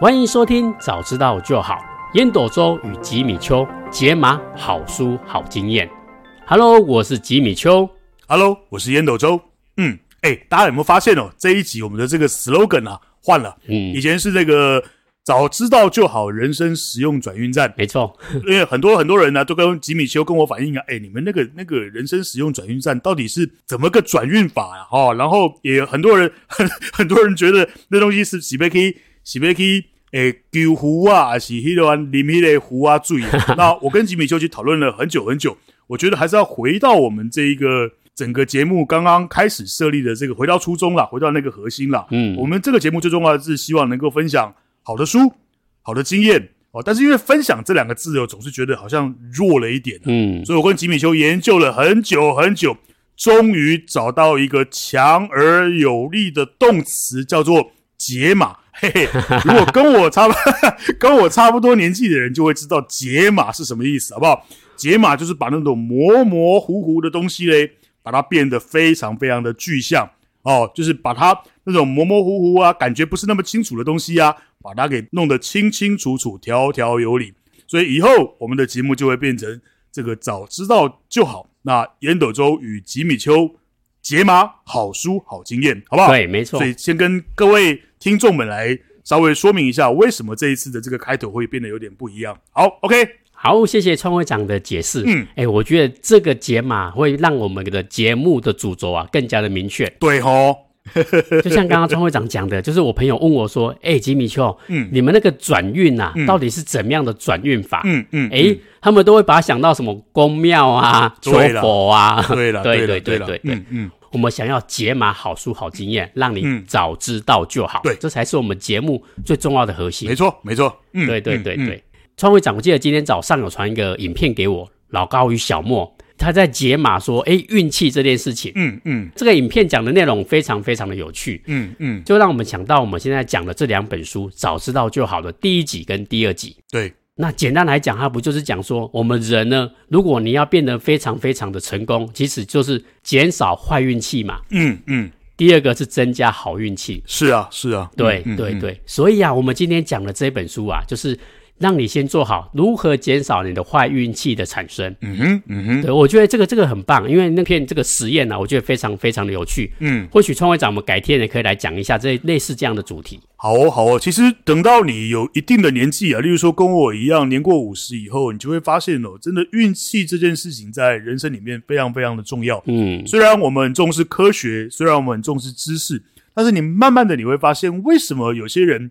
歡迎收聽《早知道就好》，煙斗周與吉米邱，解碼好書好經驗。Hello，我是吉米邱。Hello，我是煙斗周。嗯，哎，大家有沒有發現哦？這一集我們的這個 slogan 啊換了。嗯，以前是這、那個“早知道就好”，人生使用轉運站。沒錯， 因為很多很多人呢、啊、都跟吉米邱跟我反映啊，哎，你們那個那個人生使用轉運站到底是怎麼個轉運法啊？哦，然後也很多人很很多人覺得那東西是幾百 k 是別去誒，丟、欸、狐啊，是迄種淋迄個啊水啊。 那我跟吉米修去討論了很久很久，我覺得還是要回到我們這一個整個節目剛剛開始設立的這個，回到初衷了，回到那個核心了。嗯，我們這個節目最重要的是希望能夠分享好的書、好的經驗哦。但是因為分享這兩個字，我總是覺得好像弱了一點、啊。嗯，所以我跟吉米修研究了很久很久，終於找到一個強而有力的動詞，叫做解碼。嘿嘿，如果跟我差不 跟我差不多年紀的人，就會知道解碼是什麼意思，好不好？解碼就是把那種模模糊糊的東西嘞，把它變得非常非常的具象哦，就是把它那種模模糊糊啊，感覺不是那麼清楚的東西啊，把它給弄得清清楚楚，條條有理。所以以後我們的節目就會變成這個早知道就好。那煙斗周與吉米邱解碼好書好經驗，好不好？對，沒錯。所以先跟各位。聽眾們來稍微說明一下，為什麼這一次的這個開頭會變得有點不一樣？好，OK，好，謝謝川會長的解釋。嗯，哎，我覺得這個解碼會讓我們的節目的主軸啊更加的明確。對哦， 就像剛剛川會長講的，就是我朋友問我說：“哎，吉米邱，嗯，你們那個轉運啊，嗯、到底是怎麼樣的轉運法？”嗯嗯，哎、嗯，他們都會把它想到什麼宮廟啊、求佛啊，對了對了 對了對了、嗯，嗯嗯。我們想要解碼好書、好經驗，讓你早知道就好、嗯。對，這才是我們節目最重要的核心。沒錯，沒錯。嗯，對對對對，對、嗯嗯。創會長，我記得今天早上有傳一個影片給我，老高與小莫，他在解碼說：“哎，運氣這件事情。嗯”嗯嗯，這個影片講的內容非常非常的有趣。嗯嗯，就讓我們想到我們現在講的這兩本書，《早知道就好》的第一集跟第二集。對。那簡單來講，它不就是講說，我們人呢，如果你要變得非常非常的成功，其實就是減少壞運氣嘛。嗯嗯。第二個是增加好運氣。是啊是啊。 對對對。所以啊，我們今天講的這本書啊，就是。讓你先做好如何減少你的壞運氣的產生。嗯哼，嗯哼，對，我覺得這個這個很棒，因為那篇這個實驗呢、啊，我覺得非常非常的有趣。嗯，或許創會長，我們改天也可以來講一下這類似這樣的主題。好哦，好哦，其實等到你有一定的年紀啊，例如說跟我一樣年過五十以後，你就會發現哦，真的運氣這件事情在人生裡面非常非常的重要。嗯，雖然我們很重視科學，雖然我們很重視知識，但是你慢慢的你會發現，為什麼有些人，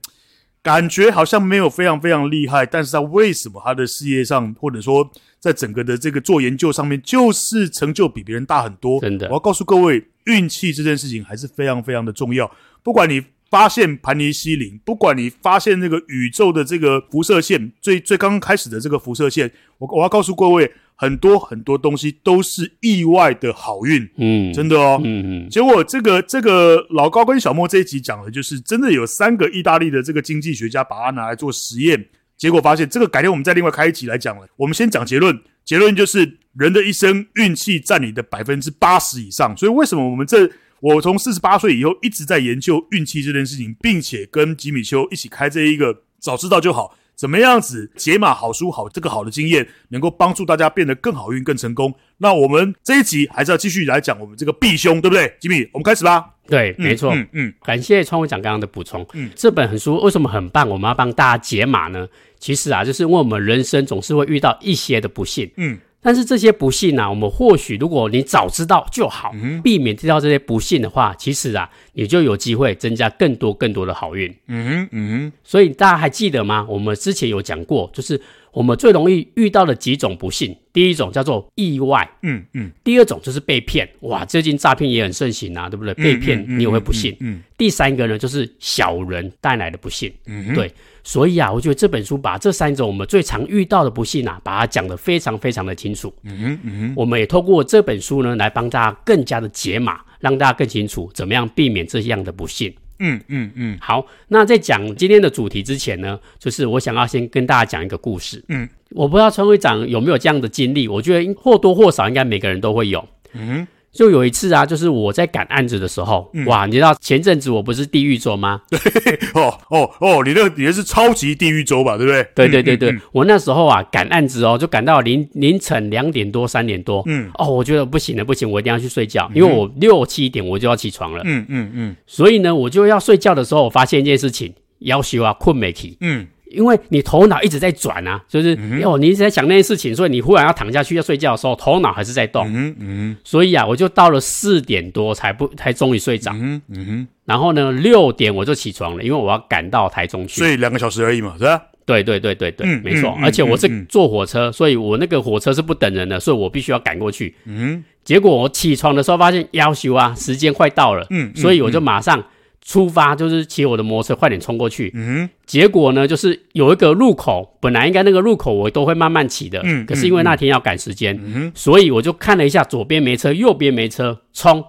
感覺好像沒有非常非常厲害，但是他為什麼他的事業上或者說在整個的這個做研究上面，就是成就比別人大很多？真的，我要告訴各位，運氣這件事情還是非常非常的重要。不管你發現盤尼西林，不管你發現那個宇宙的這個輻射線，最最剛剛開始的這個輻射線，我我要告訴各位。很多很多東西都是意外的好運，嗯，真的哦，嗯嗯。結果這個這個老高跟小莫這一集講的就是真的有三個意大利的這個經濟學家把它拿來做實驗，結果發現這個改天我們再另外開一集來講了。我們先講結論，結論就是人的一生運氣占你的百分之八十以上。所以為什麼我們這我從四十八歲以後一直在研究運氣這件事情，並且跟吉米邱一起開這一個早知道就好。怎麼樣子解碼好書好這個好的經驗，能夠幫助大家變得更好運、更成功。那我們這一集還是要繼續來講我們這個避凶，對不對，吉米？我們開始吧。對，沒錯。嗯嗯，感、嗯、謝創會長剛剛的補充。嗯，這本很書為什麼很棒？我們要幫大家解碼呢？其實啊，就是因為我們人生總是會遇到一些的不幸。嗯。但是這些不幸呢、啊，我們或許如果你早知道就好，避免遇到這些不幸的話，其實啊，你就有機會增加更多更多的好運。嗯哼嗯哼，所以大家還記得嗎？我們之前有講過，就是我們最容易遇到的幾種不幸。第一種叫做意外，嗯嗯；第二種就是被騙，哇，最近詐騙也很盛行啊，對不對？被騙你也會不幸。嗯，第三個呢就是小人帶來的不幸，嗯哼，對。所以啊，我覺得這本書把這三種我們最常遇到的不幸啊，把它講得非常非常的清楚。嗯哼、嗯，我們也透過這本書呢，來幫大家更加的解碼，讓大家更清楚怎麼樣避免這樣的不幸。嗯嗯嗯。好，那在講今天的主題之前呢，就是我想要先跟大家講一個故事。嗯，我不知道陳會長有沒有這樣的經歷，我覺得或多或少應該每個人都會有。嗯，嗯就有一次啊，就是我在趕案子的時候、嗯，哇！你知道前陣子我不是地獄周嗎？對、 哦，哦哦哦，你那也是超級地獄周吧，對不對？對對對對，對、嗯嗯嗯，我那時候啊趕案子哦，就趕到凌凌晨兩點多三點多，嗯，哦，我覺得不行了不行，我一定要去睡覺、嗯，因為我六七點我就要起床了，嗯嗯嗯，所以呢，我就要睡覺的時候，我發現一件事情，夭壽啊，睏袂去，嗯。因為你頭腦一直在轉啊，就是哦、嗯，你一直在想那些事情，所以你忽然要躺下去要睡覺的時候，頭腦還是在動。嗯嗯，所以啊，我就到了四點多才不才終於睡着。嗯哼嗯哼，然後呢，六點我就起床了，因為我要趕到台中去。睡兩個小時而已嘛，是吧、啊？對對對對對，嗯、沒錯、嗯嗯。而且我是坐火車、嗯，所以我那個火車是不等人的，所以我必須要趕過去。嗯，結果我起床的時候發現要求啊，時間快到了。嗯，所以我就馬上、嗯。嗯嗯出發就是騎我的摩托車快點衝過去，嗯哼，結果呢，就是有一個路口，本來應該那個路口我都會慢慢騎的。嗯，嗯，可是因為那天要趕時間，嗯哼，所以我就看了一下左邊沒車，右邊沒車，衝，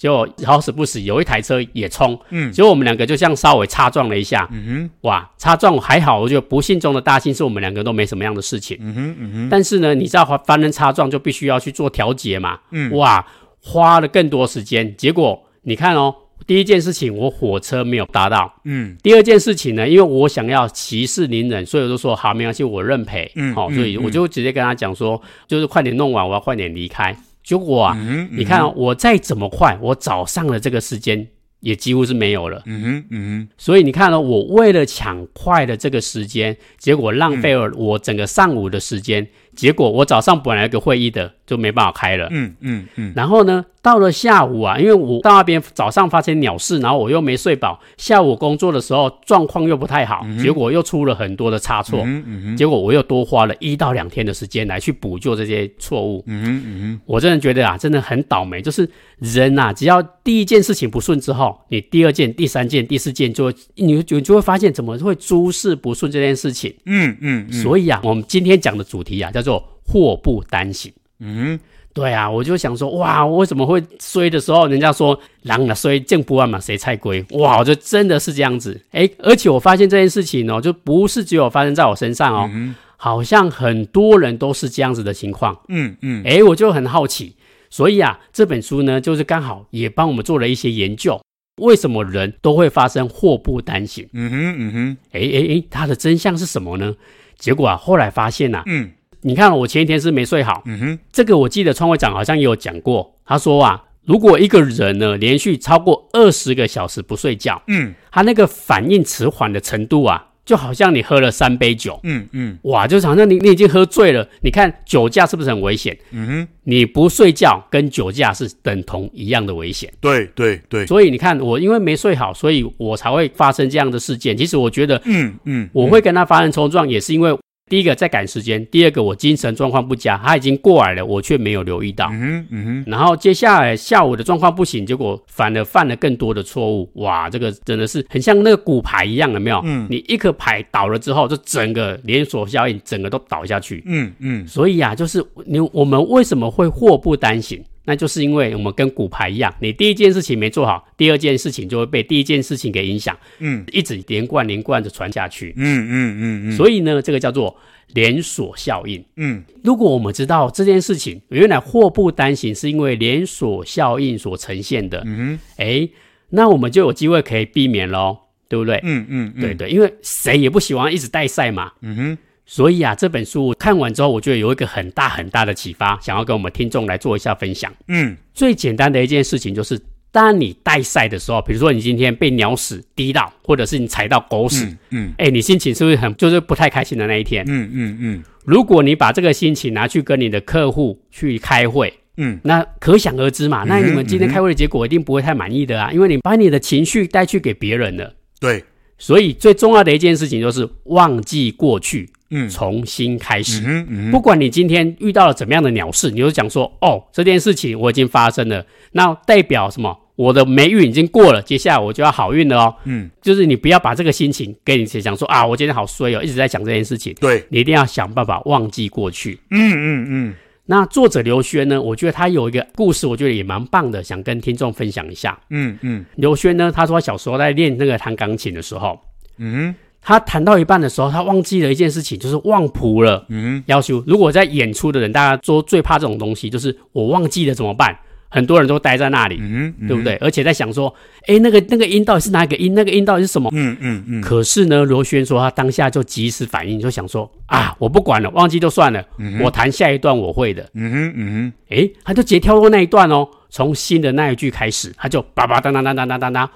結果好死不死有一台車也衝，嗯，結果我們兩個就像稍微擦撞了一下，嗯哼，哇，擦撞還好，我就不幸中的大幸是我們兩個都沒什麼樣的事情，嗯哼，嗯哼，但是呢，你知道發生擦撞就必須要去做調節嘛，嗯，哇，花了更多時間，結果你看哦。第一件事情，我火車沒有搭到。嗯。第二件事情呢，因為我想要息事寧人，所以我就說好，沒關係，我認賠。哦、嗯。好、嗯，所以我就直接跟他講說，就是快點弄完，我要快點離開。結果啊，嗯嗯、你看、哦、我再怎麼快，我早上的這個時間也幾乎是沒有了。嗯哼，嗯哼。所以你看呢、哦，我為了搶快的這個時間，結果浪費了我整個上午的時間。結果我早上本來有個會議的，就沒辦法開了。嗯嗯嗯。然後呢，到了下午啊，因為我到那邊早上發生鳥事，然後我又沒睡飽。下午工作的時候狀況又不太好，嗯、結果又出了很多的差錯。嗯嗯。結果我又多花了一到兩天的時間來去補救這些錯誤。嗯嗯嗯，我真的覺得啊，真的很倒霉。就是人呐、啊，只要第一件事情不順之後，你第二件、第三件、第四件就，就你你就會發現怎麼會諸事不順這件事情。嗯嗯，嗯。所以啊，我們今天講的主題啊，叫禍不單行，嗯，對啊，我就想說，哇，為什麼會衰的時候，人家說人若衰，種匏仔生菜瓜。哇，我就真的是這樣子，哎，而且我發現這件事情哦，就不是只有發生在我身上哦，嗯、好像很多人都是這樣子的情況，嗯嗯，哎，我就很好奇，所以啊，這本書呢，就是剛好也幫我們做了一些研究，為什麼人都會發生禍不單行？嗯哼嗯哼，哎哎哎，它的真相是什麼呢？結果啊，後來發現吶、啊，嗯。你看，我前一天是沒睡好。嗯哼，這個我記得，創會長好像也有講過。他說啊，如果一個人呢連續超過二十個小時不睡覺，嗯，他那個反應遲緩的程度啊，就好像你喝了三杯酒。嗯嗯，哇，就好像你你已經喝醉了。你看酒駕是不是很危險？嗯哼，你不睡覺跟酒駕是等同一樣的危險。對對對。所以你看，我因為沒睡好，所以我才會發生這樣的事件。其實我覺得，嗯嗯，我會跟他發生衝撞，也是因為。第一個在趕時間，第二個我精神狀況不佳，他已經過來了，我卻沒有留意到。嗯嗯，然後接下來下午的狀況不行，結果反而犯了更多的錯誤。哇，這個真的是很像那個骨牌一樣的，有沒有？嗯，你一顆牌倒了之後，就整個連鎖效應，整個都倒下去。嗯嗯，所以啊，就是你我們為什麼會禍不單行？那就是因為我們跟骨牌一樣，你第一件事情沒做好，第二件事情就會被第一件事情給影響，嗯，一直連貫連貫的傳下去，嗯嗯嗯嗯，所以呢，這個叫做連鎖效應，嗯，如果我們知道這件事情原來禍不單行是因為連鎖效應所呈現的，嗯哼，誒，那我們就有機會可以避免咯，對不對？嗯嗯嗯，對對，因為誰也不喜歡一直帶賽嘛，嗯哼。所以啊，這本書看完之後，我覺得有一個很大很大的啟發，想要跟我們聽眾來做一下分享。嗯，最簡單的一件事情就是，當你帶賽的時候，比如說你今天被鳥屎滴到，或者是你踩到狗屎，嗯，哎、嗯欸，你心情是不是很就是不太開心的那一天？嗯嗯嗯，嗯。如果你把這個心情拿、啊、去跟你的客戶去開會，嗯，那可想而知嘛、嗯，那你們今天開會的結果一定不會太滿意的啊、嗯嗯，因為你把你的情緒帶去給別人了。對。所以最重要的一件事情就是忘記過去。嗯，重新開始。嗯嗯。不管你今天遇到了怎麼樣的鳥事，你就是講說：“哦，這件事情我已經發生了。”那代表什麼？我的霉運已經過了，接下來我就要好運了哦。嗯，就是你不要把這個心情跟你講說啊，我今天好衰哦，一直在講這件事情。對，你一定要想辦法忘記過去。嗯嗯嗯。那作者劉軒呢？我覺得他有一個故事，我覺得也蠻棒的，想跟聽眾分享一下。嗯嗯，劉軒呢，他說小時候在練那個彈鋼琴的時候，嗯。他彈到一半的時候，他忘記了一件事情，就是忘譜了。嗯，要求如果在演出的人，大家都最怕這種東西，就是我忘記了怎麼辦？很多人都呆在那裡，嗯、對不對、嗯嗯？而且在想說，誒那個那個音到底是哪個音？那個音到底是什麼？嗯嗯嗯。可是呢，劉軒說他當下就及時反應，就想說啊，我不管了，忘記就算了，嗯、我彈下一段我會的。嗯哼嗯哼、嗯。誒，他就直接跳過那一段哦，從新的那一句開始，他就叭叭當當當當當當當，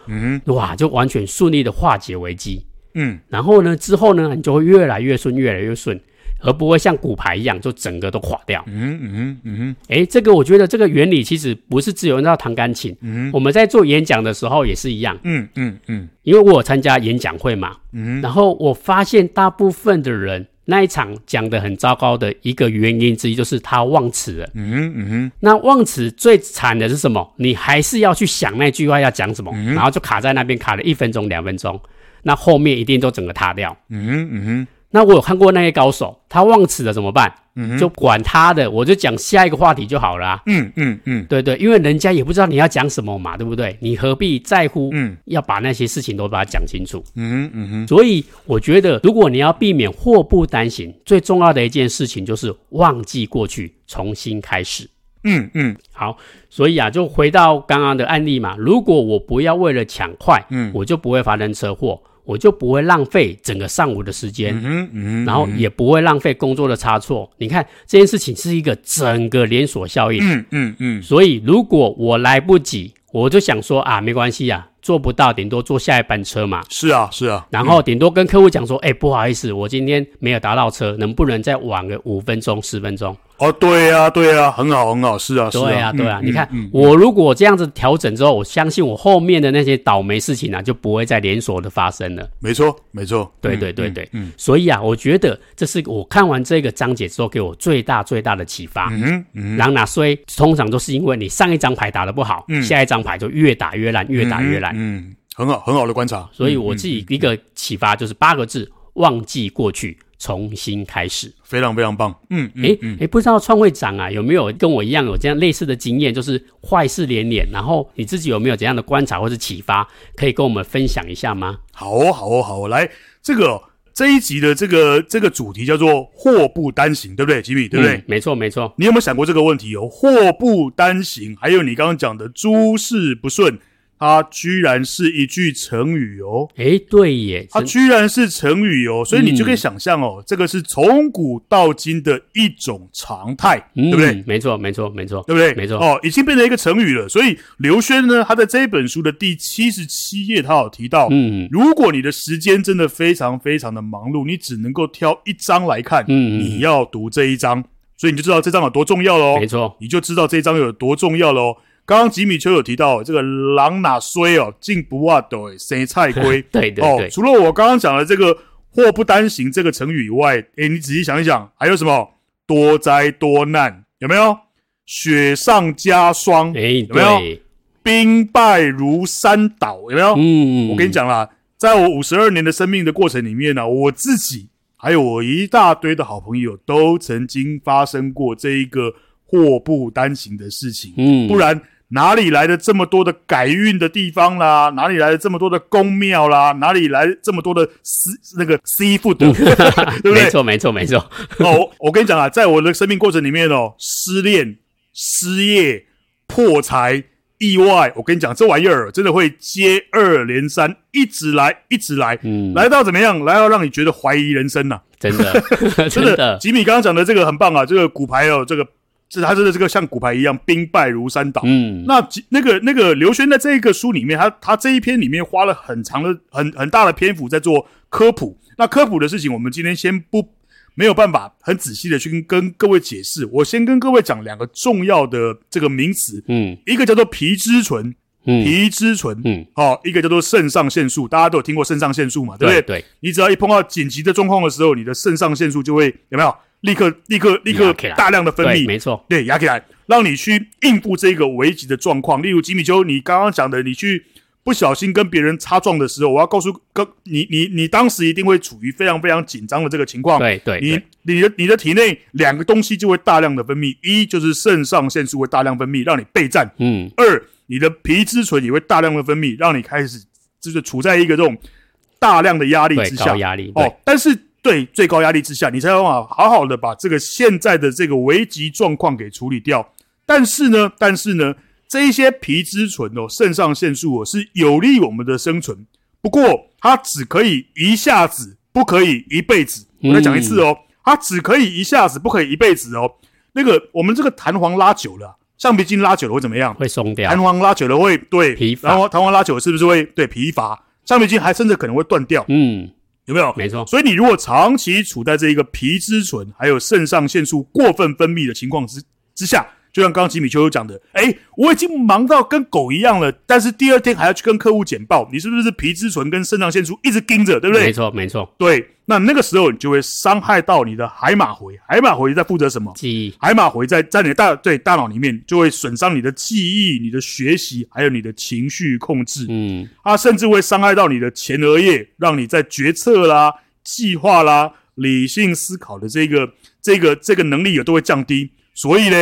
哇，就完全順利的化解危機。嗯，然後呢，之後呢，你就會越來越順，越來越順，而不會像骨牌一樣就整個都垮掉。嗯嗯嗯嗯。哎、嗯，這個我覺得這個原理其實不是只有那個彈鋼琴。嗯。我們在做演講的時候也是一樣。嗯嗯嗯。因為我有參加演講會嘛。嗯。然後我發現大部分的人那一場講得很糟糕的一個原因之一就是他忘詞了。嗯嗯、嗯。那忘詞最慘的是什麼？你還是要去想那句話要講什麼，嗯嗯、然後就卡在那邊卡了一分鐘兩分鐘。那後面一定都整個塌掉。嗯哼嗯哼。那我有看過那些高手，他忘詞了怎麼辦？嗯哼，就管他的，我就講下一個話題就好啦啊。嗯嗯嗯，對對，因為人家也不知道你要講什麼嘛，對不對？你何必在乎？嗯，要把那些事情都把它講清楚。嗯哼嗯哼。所以我覺得，如果你要避免禍不單行，最重要的一件事情就是忘記過去，重新開始。嗯嗯，好，所以啊，就回到剛剛的案例嘛。如果我不要為了搶快，嗯，我就不會發生車禍，我就不會浪費整個上午的時間，嗯嗯，然後也不會浪費工作的差錯。嗯、你看這件事情是一個整個連鎖效應，嗯嗯嗯。所以如果我來不及，我就想說啊，沒關係啊，做不到，頂多坐下一班車嘛。是啊是啊，然後頂多跟客戶講說，哎、嗯欸，不好意思，我今天沒有打到車，能不能再晚個五分鐘十分鐘？哦，對呀、啊，對呀、啊，很好，很好，是啊，對啊是啊，對啊，嗯、你看、嗯，我如果這樣子調整之後、嗯，我相信我後面的那些倒霉事情呢、啊，就不會再連鎖的發生了。沒錯，沒錯，對對對對，對嗯嗯，嗯，所以啊，我覺得這是我看完這個章節之後給我最大最大的啟發。嗯嗯嗯，然後呢，所以通常都是因為你上一張牌打得不好，嗯、下一張牌就越打越爛，越打越爛嗯嗯。嗯，很好，很好的觀察。所以我自己一個啟發就是八個字：嗯嗯嗯、忘記過去。重新開始，非常非常棒。嗯，哎、欸，誒、嗯欸、不知道創會長啊有沒有跟我一樣有這樣類似的經驗，就是壞事連連，然後你自己有沒有怎樣的觀察或者啟發，可以跟我們分享一下嗎？好哦，好哦，好哦。來，這個這一集的這個這個主題叫做“禍不單行”，對不對，吉米？對不對？沒、嗯、錯，沒錯。你有沒有想過這個問題？有禍不單行，還有你剛剛講的諸事不順。它居然是一句成語哦！哎，對耶，它居然是成語哦，所以你就可以想象哦，嗯、這個是從古到今的一種常態，嗯、對不對？沒錯，沒錯，沒錯，對不對？沒錯哦，已經變成一個成語了。所以劉軒呢，他在這一本書的第七十七頁，他有提到，嗯、如果你的時間真的非常非常的忙碌，你只能夠挑一章來看，嗯，嗯，你要讀這一章，所以你就知道這章有多重要嘍。沒錯，你就知道這一章有多重要嘍。剛剛吉米邱有提到這個狼哪衰哦，進不二斗，生菜瓜。對對對、哦。除了我剛剛講的這個“禍不單行”這個成語以外，誒你仔細想一想，還有什麼“多災多難”有沒有？“雪上加霜”有沒有？“兵、欸、敗如山倒”有沒有？嗯，我跟你講啦，在我五十二年的生命的過程裡面呢、啊，我自己還有我一大堆的好朋友，都曾經發生過這一個“禍不單行”的事情。嗯，不然。哪裡來的這麼多的改運的地方啦、啊？哪裡來的這麼多的宮廟啦？哪裡來這麼多的失那個 seafood，嗯、 對不對？沒錯，沒錯，沒錯。哦，我,我跟你講啊，在我的生命過程裡面哦，失戀、失業、破財、意外，我跟你講，這玩意兒真的會接二連三，一直來，一直來，嗯，來到怎麼樣？來到讓你覺得懷疑人生吶、啊。真的, 真的，真的。吉米剛剛講的這個很棒啊，這個骨牌哦，這個。是他真的這個像骨牌一樣，兵敗如山倒。嗯，那那個那個劉軒在這一個書裡面，他他這一篇裡面花了很長的、很很大的篇幅在做科普。那科普的事情，我們今天先不沒有辦法很仔細的去跟各位解釋。我先跟各位講兩個重要的這個名詞。嗯，一個叫做皮質醇，皮質醇。嗯，好、嗯哦，一個叫做腎上腺素。大家都有聽過腎上腺素嘛對？對不對？對，你只要一碰到緊急的狀況的時候，你的腎上腺素就會有沒有？立刻，立刻，立刻，大量的分泌，沒錯，對，雅鐵蘭，讓你去應付這個危急的狀況。例如，吉米邱，你剛剛講的，你去不小心跟別人擦撞的時候，我要告訴哥，你，你，你當時一定會處於非常非常緊張的這個情況。對，對，你，你的，你的體內兩個東西就會大量的分泌，一就是腎上腺素會大量分泌，讓你備戰。嗯。二，你的皮質醇也會大量的分泌，讓你開始就是處在一個這種大量的壓力之下，壓力。哦，但是。對，最高壓力之下，你才有辦法好好的把這個現在的這個危急狀況給處理掉。但是呢，但是呢，這一些皮質醇哦，腎上腺素哦，是有利我們的生存。不過它只可以一下子，不可以一輩子。我再講一次哦、嗯，它只可以一下子，不可以一輩子哦。那個我們這個彈簧拉久了，橡皮筋拉久了會怎麼樣？會鬆掉。彈簧拉久了會對疲乏，彈簧彈簧拉久了是不是會對疲乏？橡皮筋還甚至可能會斷掉。嗯。有沒有？沒錯，所以你如果長期處在這一個皮質醇還有腎上腺素過分分泌的情況之之下。就像剛剛吉米邱有講的，誒、欸、我已經忙到跟狗一樣了，但是第二天還要去跟客戶簡報，你是不是，是皮質醇跟腎上腺素一直盯着，對不對？沒錯，沒錯。對，那那個時候你就會傷害到你的海馬回，海馬回在負責什麼？記憶。海馬回在在你的大對大腦裡面，就會損傷你的記憶、你的學習，還有你的情緒控制。嗯，它、啊、甚至會傷害到你的前額葉，讓你在決策啦、計劃啦、理性思考的這個這個這個能力也都會降低。所以呢。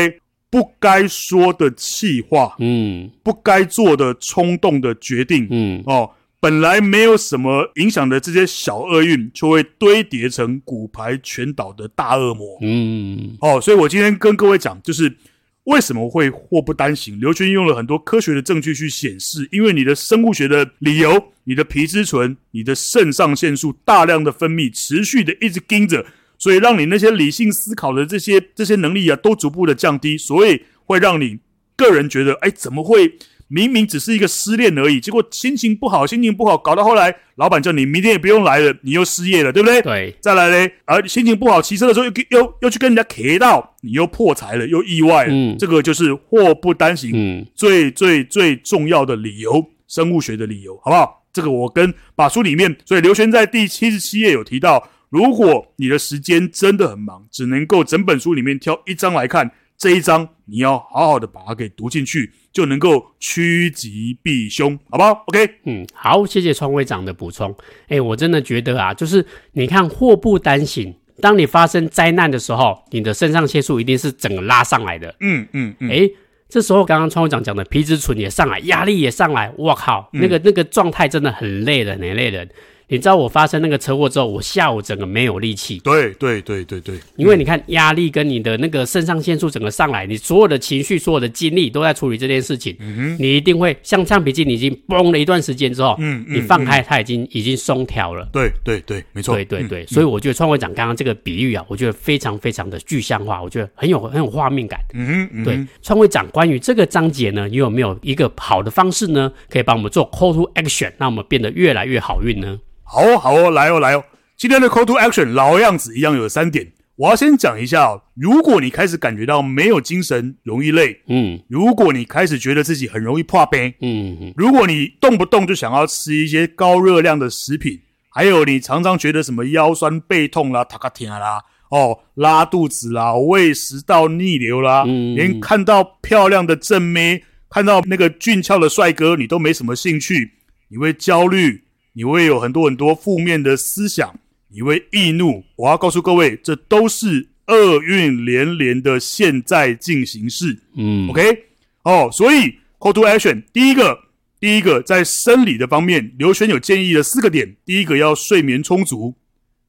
不該說的氣話，嗯，不該做的衝動的決定，嗯，哦，本來沒有什麼影響的這些小厄運，就會堆疊成骨牌全倒的大惡魔，嗯，哦，所以我今天跟各位講，就是為什麼會禍不單行。劉軒用了很多科學的證據去顯示，因為你的生物學的理由，你的皮質醇、你的腎上腺素大量的分泌，持續的一直盯着。所以讓你那些理性思考的這些這些能力啊，都逐步的降低，所以會讓你個人覺得，哎，怎麼會明明只是一個失戀而已，結果心情不好，心情不好，搞到後來，老闆叫你明天也不用來了，你又失業了，對不對？對，再來嘞，而心情不好，騎車的時候又又又去跟人家貼到，你又破財了，又意外了，嗯、這個就是禍不單行、嗯，最最最重要的理由，生物學的理由，好不好？這個我跟法書裡面，所以劉軒在第七十七頁有提到。如果你的時間真的很忙，只能夠整本書裡面挑一章來看，這一章你要好好的把它給讀進去，就能夠趨吉避凶，好不好？OK，嗯，好，謝謝川會長的補充。哎、欸，我真的覺得啊，就是你看，禍不單行，當你發生災難的時候，你的腎上腺素一定是整個拉上來的。嗯嗯，哎、嗯欸，這時候剛剛川會長講的皮質醇也上來，壓力也上來，我靠，那個、嗯、那個狀態真的很累人，很累人。你知道我發生那個車禍之後，我下午整個沒有力氣。對對對對對，因為你看壓力跟你的那個腎上腺素整個上來，你所有的情緒、所有的精力都在處理這件事情，嗯哼，你一定會像橡皮筋，你已經崩了一段時間之後，嗯，嗯，你放開它已經、嗯嗯、已經鬆條了。對對對，沒錯。對對對、嗯，所以我覺得創會長剛剛這個比喻啊，我覺得非常非常的具象化，我覺得很有很有畫面感。嗯哼，嗯哼，對，創會長關於這個章節呢，你有沒有一個好的方式呢，可以幫我們做 call to action，讓我們變得越來越好運呢？好哦，好哦，來哦，來哦！今天的 call to action 老樣子一樣有三點，我要先講一下哦，如果你開始感覺到沒有精神，容易累，嗯；如果你開始覺得自己很容易疲憊，嗯；如果你動不動就想要吃一些高熱量的食品，還有你常常覺得什麼腰酸背痛啦、打噴嚏啦、哦、拉肚子啦、胃食道逆流啦、嗯，連看到漂亮的正妹，看到那個俊俏的帥哥，你都沒什麼興趣，你會焦慮。你會有很多很多負面的思想，你會易怒。我要告訴各位，這都是厄運連連的現在進行式。嗯，OK，哦、oh，所以 call to action，第一個，第一個在生理的方面，劉軒有建議的四個點：第一個要睡眠充足，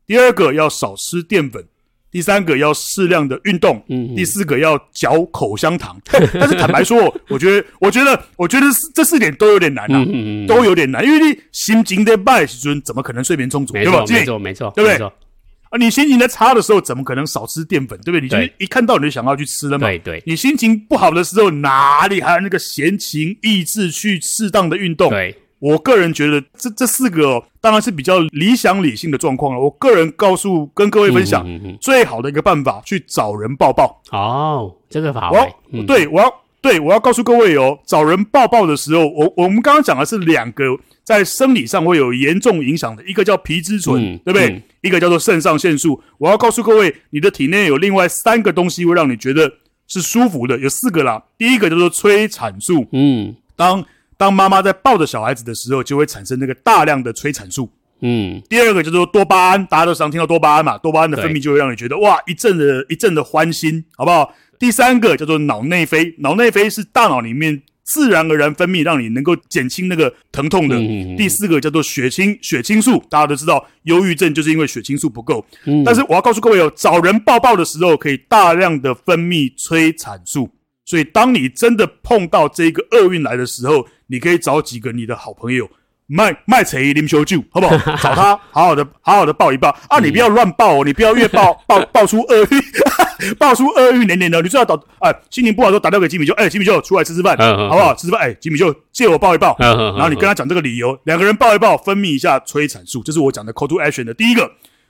第二個要少吃澱粉。第三個要適量的運動，第四個要嚼口香糖、嗯。但是坦白說，我覺得，我覺得，我覺得這四點都有點難啊，嗯嗯都有點難。因為你心情在壞的時候怎麼可能睡眠充足？對吧？沒錯，沒錯，對不對？啊，你心情在差的時候，怎麼可能少吃澱粉？對不對，對？你就一看到你就想要去吃了嘛。對對，你心情不好的時候，哪裡還有那個閒情逸致去適當的運動？對。我個人覺得這這四個、哦、當然是比較理想理性的狀況了。我個人告訴跟各位分享、嗯嗯嗯、最好的一個辦法，去找人抱抱。哦，這個法。我、嗯、對我要對我要告訴各位哦，找人抱抱的時候，我我們剛剛講的是兩個在生理上會有嚴重影響的，一個叫皮質醇、嗯，對不對、嗯？一個叫做腎上腺素。我要告訴各位，你的體內有另外三個東西會讓你覺得是舒服的，有四個啦。第一個叫做催產素，嗯，當。當媽媽在抱着小孩子的時候，就會產生那個大量的催產素。嗯，第二個就是說多巴胺，大家都常聽到多巴胺嘛，多巴胺的分泌就會讓你覺得，哇，一陣的，一陣的歡欣，好不好？第三個叫做腦內啡，腦內啡是大腦裡面自然而然分泌，讓你能夠減輕那個疼痛的。嗯。第四個叫做血清，血清素，大家都知道憂鬱症就是因為血清素不夠。嗯。但是我要告訴各位哦，找人抱抱的時候可以大量的分泌催產素。所以，當你真的碰到這個厄運來的時候，你可以找幾個你的好朋友，賣賣彩，林修俊，好不好？找他好好的、好好的抱一抱啊、嗯！你不要亂抱哦，你不要越抱抱抱出厄運，哈哈，抱出厄運連連的。你最好打哎，心情不好就打電話給吉米邱，哎，吉米邱出來吃吃飯呵呵呵，好不好？吃吃飯，哎，吉米邱借我抱一抱呵呵呵，然後你跟他講這個理由，兩個人抱一抱，分泌一下催產素，這，就是我講的 call to action 的第一個。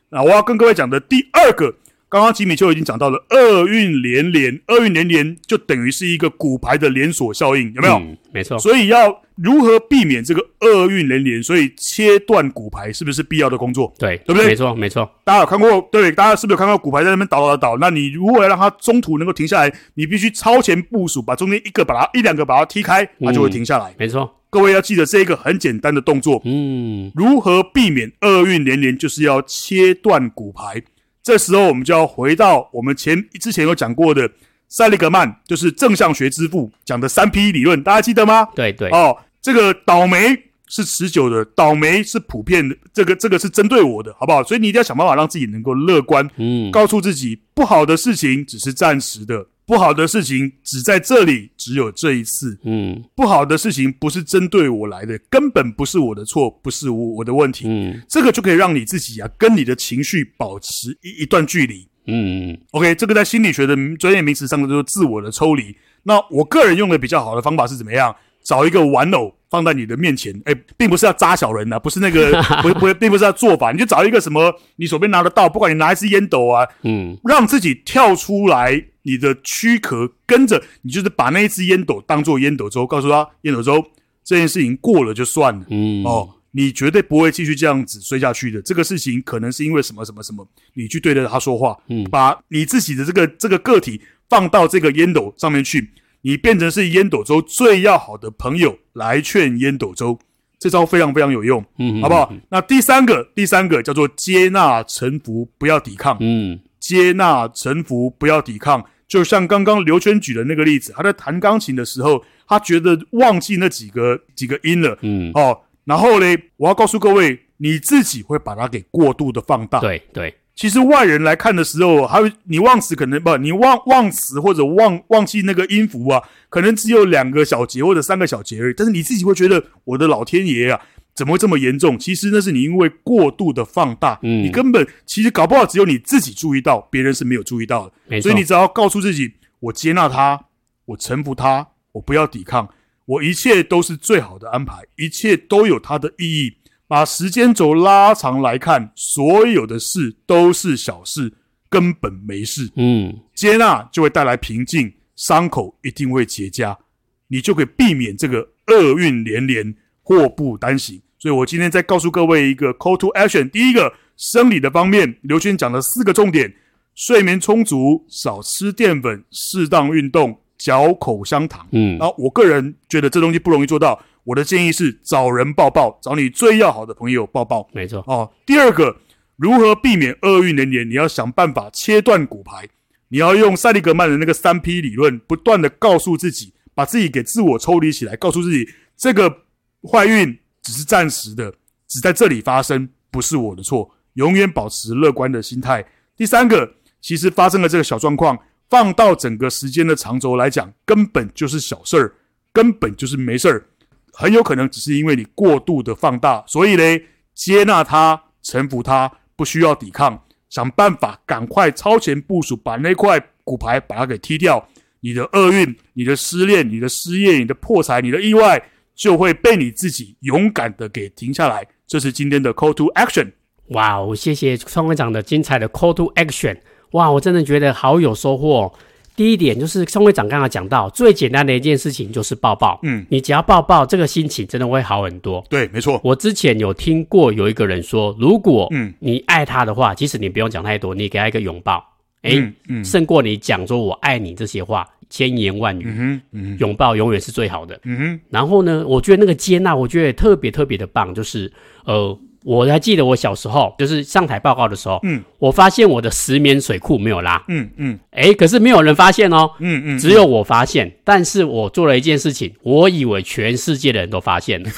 那我要跟各位講的第二個。剛剛吉米邱已經講到了厄運連連，厄運連連就等於是一個骨牌的連鎖效應，有沒有、嗯？沒錯。所以要如何避免這個厄運連連？所以切斷骨牌是不是必要的工作？對，對不對？沒錯，沒錯。大家有看過？對，大家是不是有看到骨牌在那邊倒倒倒？那你如果要讓它中途能夠停下來，你必須超前部署，把中間一個把它一兩個把它踢開，它就會停下來。嗯、沒錯。各位要記得這一個很簡單的動作。嗯。如何避免厄運連連，就是要切斷骨牌。這時候，我們就要回到我們前之前有講過的塞利格曼，就是正向學之父講的三 P 理論，大家記得嗎？對對，哦，這個倒霉是持久的，倒霉是普遍的，這個這個是針對我的，好不好？所以你一定要想辦法讓自己能夠樂觀，嗯，告訴自己不好的事情只是暫時的。不好的事情只在這裡，只有這一次。嗯，不好的事情不是針對我來的，根本不是我的錯，不是我我的問題。嗯，這個就可以讓你自己啊，跟你的情緒保持一一段距離。嗯，OK，這個在心理學的專業名詞上叫做自我的抽離。那我個人用的比較好的方法是怎麼樣？找一個玩偶放在你的面前，哎，並不是要扎小人啊，不是那個， 不不，不，並不是要做法，你就找一個什麼，你手邊拿得到，不管你拿一支菸斗啊，嗯，讓自己跳出來。你的軀殼跟着你，就是把那一隻煙斗當做煙斗周，告訴他，煙斗周，這件事情過了就算了。嗯，哦，你絕對不會繼續這樣子衰下去的。這個事情可能是因為什麼什麼什麼，你去對着他說話，嗯，把你自己的這個這個個體放到這個煙斗上面去，你變成是煙斗周最要好的朋友來勸煙斗周，這招非常非常有用，嗯，嗯，嗯，好不好？那第三個，第三個叫做接納臣服，不要抵抗，嗯，接納臣服，不要抵抗。就像剛剛劉軒舉的那個例子，他在彈鋼琴的時候，他覺得忘記那幾個幾個音了，嗯，哦，然後呢，我要告訴各位，你自己會把它給過度的放大，對對。其實外人來看的時候，還你忘詞可能不，你忘忘詞或者忘忘記那個音符啊，可能只有兩個小節或者三個小節而已，但是你自己會覺得，我的老天爺啊！怎麼會這麼嚴重？其實那是你因為過度的放大，嗯，你根本其實搞不好只有你自己注意到，別人是沒有注意到的。所以你只要告訴自己：我接納他，我臣服他，我不要抵抗，我一切都是最好的安排，一切都有它的意義。把時間軸拉長來看，所有的事都是小事，根本沒事。嗯，接納就會帶來平靜，傷口一定會結痂，你就可以避免這個厄運連連，禍不單行。所以我今天再告訴各位一個 call to action。第一個生理的方面，劉軒講了四個重點：睡眠充足、少吃澱粉、適當運動、嚼口香糖。嗯，啊，我個人覺得這東西不容易做到。我的建議是找人抱抱，找你最要好的朋友抱抱。沒錯哦、啊。第二個，如何避免厄運連連？你要想辦法切斷骨牌，你要用塞利格曼的那個三 P 理論，不斷的告訴自己，把自己給自我抽離起來，告訴自己這個壞運。只是暫時的，只在這裡發生，不是我的錯。永遠保持樂觀的心態。第三個，其實發生了這個小狀況，放到整個時間的長軸來講，根本就是小事兒，根本就是沒事兒。很有可能只是因為你過度的放大，所以呢，接納它，臣服它，不需要抵抗，想辦法趕快超前部署，把那塊骨牌把它給踢掉。你的厄運，你的失戀，你的失業，你的破財，你的意外。就會被你自己勇敢的給停下來，這是今天的 call to action。哇哦，謝謝宋會長的精彩的 call to action。哇，我真的覺得好有收穫哦。第一點就是宋會長剛剛剛講到最簡單的一件事情，就是抱抱。嗯，你只要抱抱，這個心情真的會好很多。對，沒錯。我之前有聽過有一個人說，如果嗯你愛他的話，其實你不用講太多，你給他一個擁抱，誒嗯，嗯，勝過你講說“我愛你”這些話。千言萬語，嗯嗯、擁抱永遠是最好的。嗯哼，然後呢，我覺得那個接納，我覺得特別特別的棒。就是呃，我還記得我小時候，就是上台報告的時候，嗯，我發現我的石門水庫沒有拉。嗯嗯，哎，可是沒有人發現哦。嗯嗯，只有我發現、嗯嗯，但是我做了一件事情，我以為全世界的人都發現了，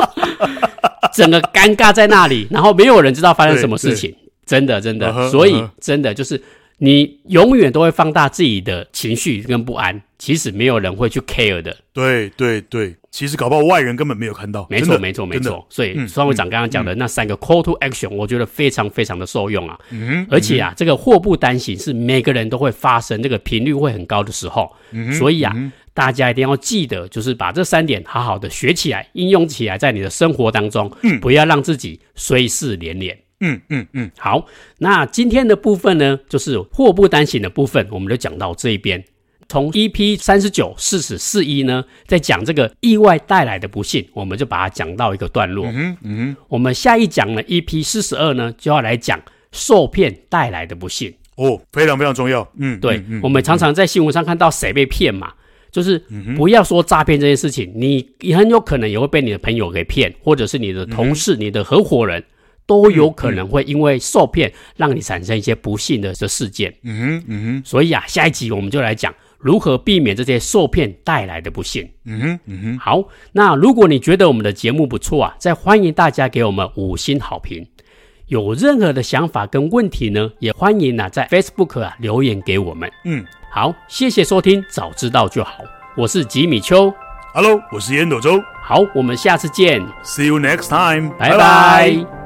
整個尷尬在那裡，然後沒有人知道發生什麼事情。真的真的，真的啊、所以、啊、真的就是。你永遠都會放大自己的情緒跟不安，其實沒有人會去 care 的。對對對，其實搞不好外人根本沒有看到。沒錯沒錯沒錯。沒錯所以孫會、嗯、長剛剛講的那三個 call to action，、嗯、我覺得非常非常的受用啊。嗯。而且啊，嗯、這個禍不單行是每個人都會發生，這個頻率會很高的時候。嗯。所以啊、嗯，大家一定要記得，就是把這三點好好的學起來、應用起來，在你的生活當中，嗯，不要讓自己衰事連連。嗯嗯嗯，好，那今天的部分呢，就是禍不單行的部分，我們就講到這一邊。從 EP 三十九四十四一呢，在講這個意外帶來的不幸，我們就把它講到一個段落。嗯嗯，我們下一講呢，EP 四十二呢，就要來講受騙帶來的不幸。哦，非常非常重要。嗯，對，嗯嗯、我們常常在新聞上看到誰被騙嘛、嗯，就是不要說詐騙這件事情，你很有可能也會被你的朋友給騙，或者是你的同事、嗯、你的合夥人。都有可能會因為受騙，讓你產生一些不幸的這事件。嗯哼，嗯哼，所以啊，下一集我們就來講如何避免這些受騙帶來的不幸。嗯哼，嗯哼。好，那如果你覺得我們的節目不錯啊，再歡迎大家給我們五星好評。有任何的想法跟問題呢，也歡迎啊在 Facebook 啊留言給我們。嗯，好，謝謝收聽，早知道就好。我是吉米邱，Hello，我是煙斗周。好，我們下次見。See you next time。拜拜。